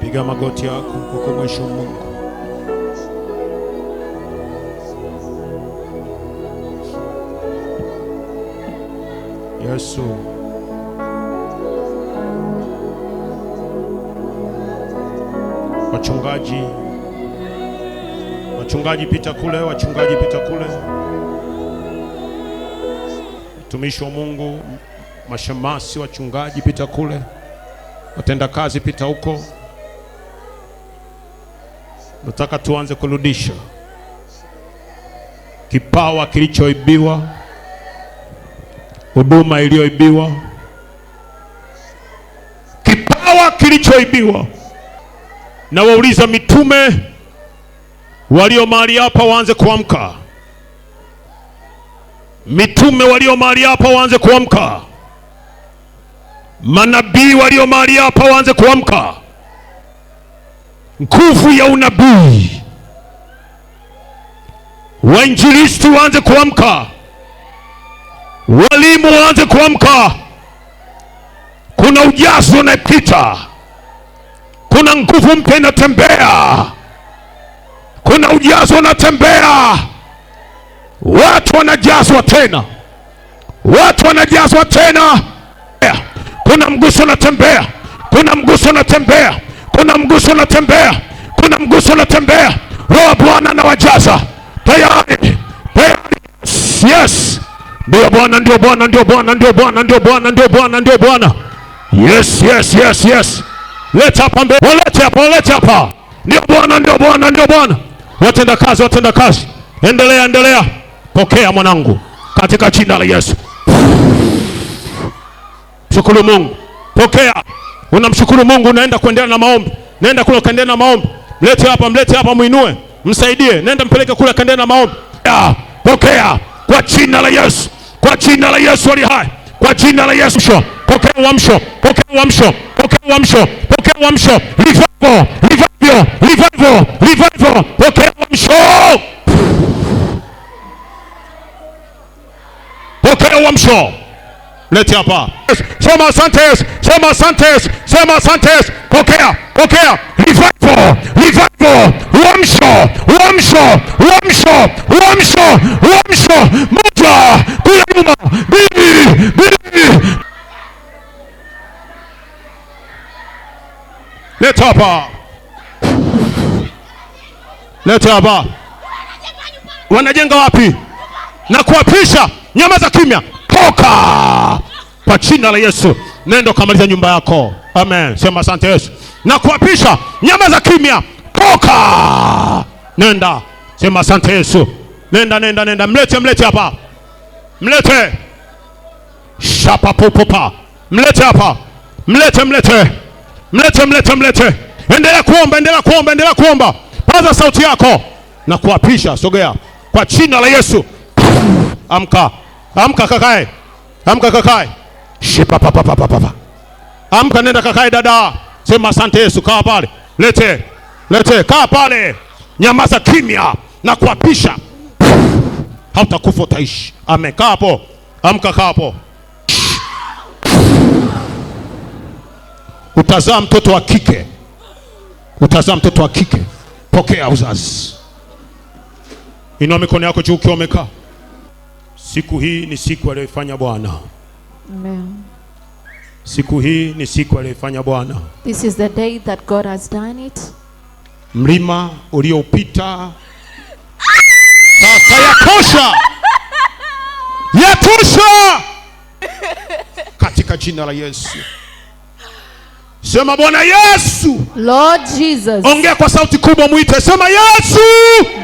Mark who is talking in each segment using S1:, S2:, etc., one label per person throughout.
S1: Piga magoti yako kukumwisha Mungu. Yesu wachungaji, wachungaji pita kule, wachungaji pita kule, mtumishi wa Mungu, mashamasi, wachungaji pita kule, watenda kazi pita huko. Nataka tuanze kurudisha kipawa kilichoibiwa, huduma iliyoibiwa, kipawa kilichoibiwa. Na wauliza mitume walio mahali hapa waanze kuamka, mitume walio mahali hapa waanze kuamka, manabii walio mahali hapa waanze kuamka nguvu ya unabii. Wainjilisti waanze kuamka, walimu waanze kuamka. Kuna ujazo unapita, kuna nguvu mpya inatembea, kuna ujazo unatembea. Watu wanajazwa tena, watu wanajazwa tena. Kuna mguso unatembea, kuna mguso unatembea kuna mguso unatembea, kuna mguso unatembea. Roho wa Bwana anawajaza tayari, tayari. Yes, ndio Bwana, ndio Bwana, ndio Bwana, ndio Bwana, ndio Bwana, ndio Bwana, ndio Bwana. Yes, yes, yes, yes. Leta hapa mbele, walete hapa, walete hapa. Ndio Bwana, ndio Bwana, ndio Bwana. Watenda kazi, watenda kazi, endelea, endelea. Pokea mwanangu, katika jina la Yesu. Shukuru Mungu, pokea. Unamshukuru Mungu, unaenda kuendelea na maombi, nenda kule kaendelea na maombi, mlete hapa, mlete hapa, muinue, msaidie, nenda mpeleke kule kaendelea na maombi. Ya, pokea kwa jina la Yesu, kwa jina la Yesu ali hai, kwa jina la Yesu. Pokea uamsho, pokea uamsho, pokea uamsho, pokea uamsho, revival, revival, revival, revival, pokea uamsho, pokea uamsho, lete hapa Yesu, sema asante Yesu, sema asante Yesu, sema asante Yesu. Pokea, pokea revival, revival, uamsho, uamsho, uamsho, uamsho, uamsho. Moja kule nyuma, mbili, mbili, leta hapa, leta hapa. Wanajenga wapi? Na kuapisha, za kimya, toka kwa jina la Yesu, nenda ukamaliza nyumba yako. Amen, sema asante Yesu. Na kuapisha nyama za kimya, toka, nenda. Sema asante Yesu, nenda, nenda, nenda, mlete, mlete hapa, mlete shapapupupa, mlete hapa, mlete, mlete, mlete, mlete, mlete. Endelea kuomba, endelea kuomba, endelea kuomba, paza sauti yako na kuapisha. Sogea kwa jina la Yesu. Amka, amka kakae, amka kakae papa. Amka, nenda kakae, dada. Sema asante Yesu, kaa pale. Lete. Lete, kaa pale. Nyamaza kimya na kuapisha. Hautakufa utaishi. Amen. Kaa hapo. Amka, kaa hapo. Utazaa mtoto wa kike. Utazaa mtoto wa kike. Pokea uzazi. Inua mikono yako juu ukiwa umekaa. Siku hii ni siku aliyoifanya Bwana. Amen. Siku hii ni siku aliyofanya Bwana.
S2: This is the day that God has done it.
S1: Mlima uliopita sasa yakosha, yatosha katika jina la Yesu. Sema Bwana Yesu.
S2: Lord Jesus.
S1: Ongea kwa sauti kubwa mwite. Sema Yesu.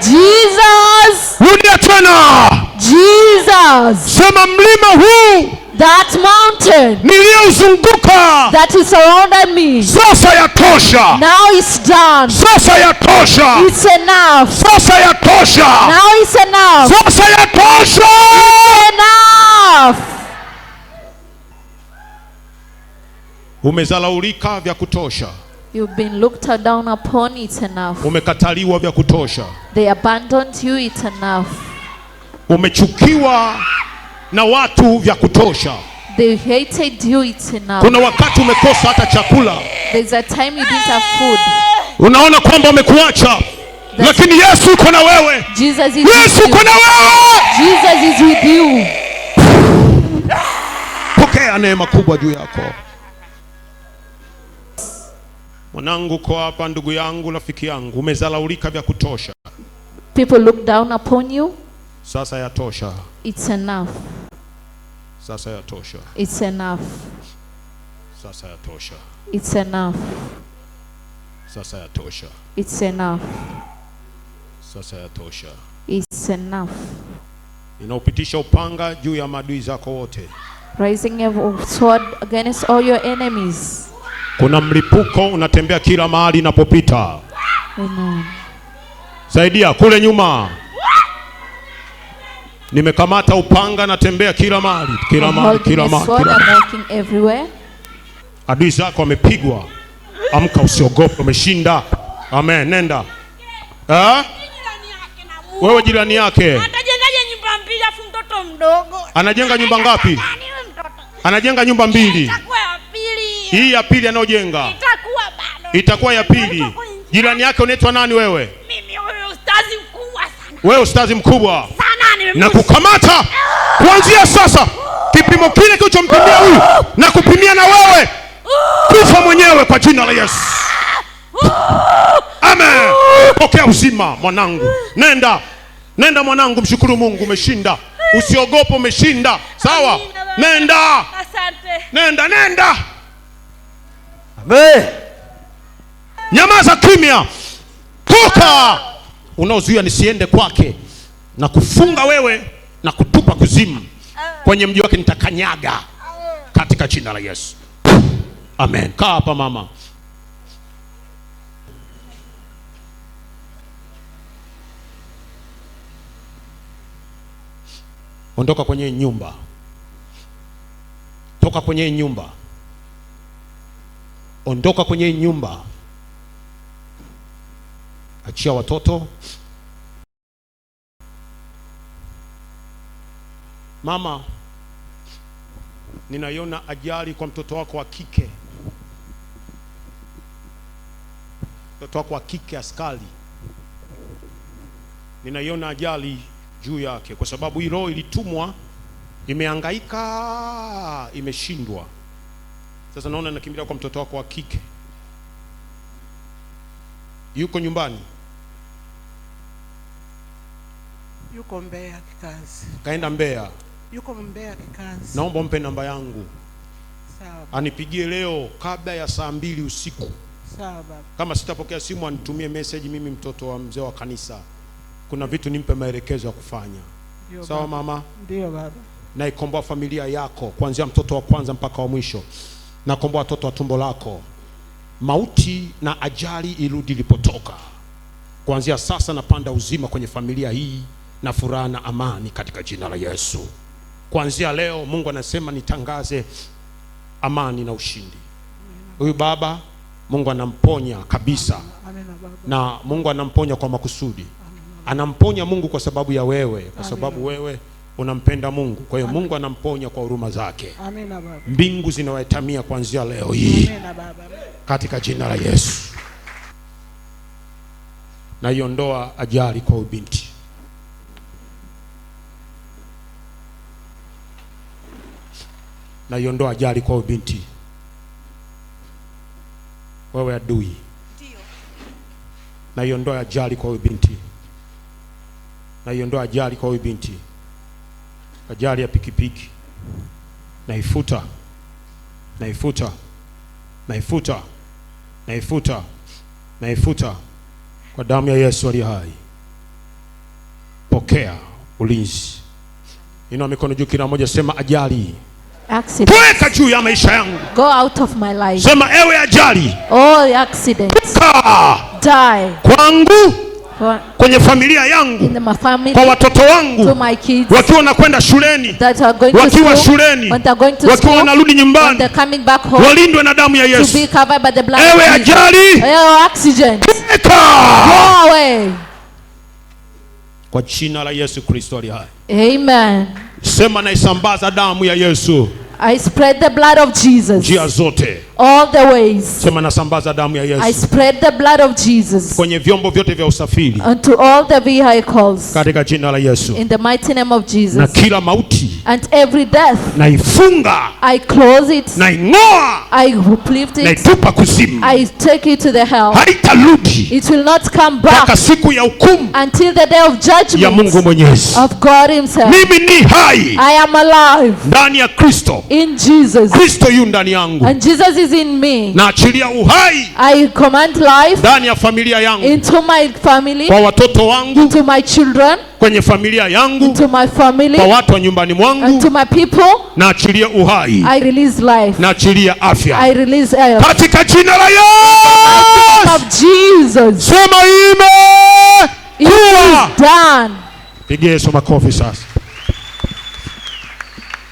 S2: Jesus.
S1: Rudia tena.
S2: Jesus.
S1: Sema mlima huu
S2: That mountain
S1: niliyozunguka
S2: that is surrounded me.
S1: Sasa yatosha.
S2: Now it's done.
S1: Sasa yatosha.
S2: It's enough.
S1: Sasa yatosha.
S2: Now it's enough.
S1: Sasa yatosha.
S2: It's enough.
S1: Umezalaulika vya kutosha.
S2: You've been looked down upon, it's enough.
S1: Umekataliwa vya kutosha.
S2: They abandoned you, it's enough.
S1: Umechukiwa na watu vya kutosha.
S2: They hated you it's enough.
S1: Kuna wakati umekosa hata chakula.
S2: There's a time you didn't have food.
S1: Unaona kwamba umekuacha lakini Yesu yuko na wewe. Jesus is Yesu yuko na wewe.
S2: Jesus is with you.
S1: Pokea neema kubwa juu yako. Mwanangu, ko hapa, ndugu yangu, rafiki yangu, umezalaulika vya kutosha.
S2: People look down upon you.
S1: Sasa yatosha.
S2: It's enough.
S1: Sasa yatosha.
S2: It's enough.
S1: Sasa yatosha.
S2: It's enough.
S1: Sasa yatosha.
S2: It's enough.
S1: Sasa yatosha.
S2: It's enough.
S1: Inaupitisha upanga juu ya maadui zako wote.
S2: Rising a sword against all your enemies.
S1: Kuna mlipuko unatembea kila mahali inapopita. Amen. Saidia kule nyuma nimekamata upanga natembea kila mahali, kila mahali, kila mahali. Adui zako wamepigwa. Amka, usiogope, umeshinda. Amen, nenda eh? Wewe jirani yake anajenga nyumba ngapi? Anajenga nyumba mbili, hii ya pili anayojenga itakuwa ya pili. Jirani yake unaitwa nani wewe? Wewe ustazi mkubwa na kukamata kuanzia sasa. Kipimo kile kilichompimia huyu na kupimia na wewe, kufa mwenyewe kwa jina la Yesu. Amen, pokea uzima mwanangu, nenda nenda mwanangu, mshukuru Mungu, umeshinda. Usiogope, umeshinda. Sawa, nenda nenda nenda. Amen, nyamaza kimya, toka. Unaozuia nisiende kwake na kufunga wewe na kutupa kuzimu ah. kwenye mji wake, nitakanyaga ah. katika jina la Yesu. Amen. Kaa hapa mama. Ondoka kwenye nyumba, toka kwenye nyumba, ondoka kwenye nyumba, achia watoto. Mama, ninaiona ajali kwa mtoto wako wa kike, mtoto wako wa kike askari, ninaiona ajali juu yake, kwa sababu hii roho ilitumwa, imehangaika, imeshindwa. Sasa naona nakimbilia kwa mtoto wako wa kike, yuko nyumbani
S3: yuko Mbeya kikazi,
S1: kaenda Mbeya
S3: Yuko Mbeya kikazi.
S1: Naomba mpe namba yangu. Sawa. Anipigie leo kabla ya saa mbili usiku. Sawa baba. Kama sitapokea simu anitumie message mimi mtoto wa mzee wa kanisa. Kuna vitu nimpe maelekezo ya kufanya. Ndiyo, sawa baba. Mama. Ndio baba. Naikomboa familia yako kuanzia mtoto wa kwanza mpaka wa mwisho. Nakomboa watoto wa tumbo lako. Mauti na ajali irudi ilipotoka. Kuanzia sasa napanda uzima kwenye familia hii na furaha na amani katika jina la Yesu. Kuanzia leo Mungu anasema nitangaze amani na ushindi. Huyu baba Mungu anamponya kabisa, na Mungu anamponya kwa makusudi. Anamponya Mungu kwa sababu ya wewe, kwa sababu wewe unampenda Mungu. Kwa hiyo Mungu anamponya kwa huruma zake. Mbingu zinawatamia kuanzia leo hii katika jina la Yesu, naiondoa ajali kwa ubinti naiondoa ajali kwa binti. Wewe adui, naiondoa ajali kwa huyu binti, naiondoa ajali kwa huyu binti, ajali ya pikipiki naifuta, naifuta, naifuta, naifuta, naifuta kwa damu ya Yesu aliye hai. Pokea ulinzi. Inua mikono juu, kila mmoja sema ajali Pweka juu ya maisha yangu.
S2: Go out of my life.
S1: Sema ewe ajali.
S2: All oh, accidents. Die.
S1: Kwangu. Kwa, kwenye familia yangu family, kwa watoto wangu wakiwa wanakwenda shuleni, wakiwa shuleni, wakiwa wanarudi nyumbani, walindwe na damu ya Yesu. Ewe ajali, kwa jina la Yesu Kristo aliye
S2: hai. Amen.
S1: Sema naisambaza damu ya Yesu.
S2: I spread the blood of Jesus.
S1: Njia zote.
S2: All the ways.
S1: Sema nasambaza damu ya Yesu.
S2: I spread the blood of Jesus.
S1: Kwenye vyombo vyote vya usafiri.
S2: And to all the vehicles.
S1: Katika jina la Yesu.
S2: In the mighty name of Jesus. Na
S1: kila mauti.
S2: And every death.
S1: Naifunga.
S2: I close it.
S1: Naing'oa.
S2: I uplift it.
S1: Naitupa kuzimu.
S2: I take it to the hell.
S1: Haitarudi.
S2: It will not come back.
S1: Mpaka siku ya hukumu.
S2: Until the day of judgment.
S1: Ya Mungu Mwenyezi.
S2: Of God himself.
S1: Mimi ni hai.
S2: I am alive.
S1: Ndani ya Kristo.
S2: In Jesus.
S1: Kristo yu ndani yangu.
S2: And Jesus is in me.
S1: Naachilia uhai.
S2: I command life.
S1: Ndani ya familia yangu.
S2: Into my family.
S1: Kwa watoto wangu.
S2: Into my children.
S1: Kwenye familia yangu.
S2: Into my family.
S1: Kwa watu wa nyumbani mwangu.
S2: And to my people.
S1: Naachilia uhai.
S2: I release life.
S1: Naachilia afya.
S2: I release health.
S1: Katika jina la Yesu.
S2: Jesus.
S1: Sema ime.
S2: It is done.
S1: Pigia Yesu makofi sasa.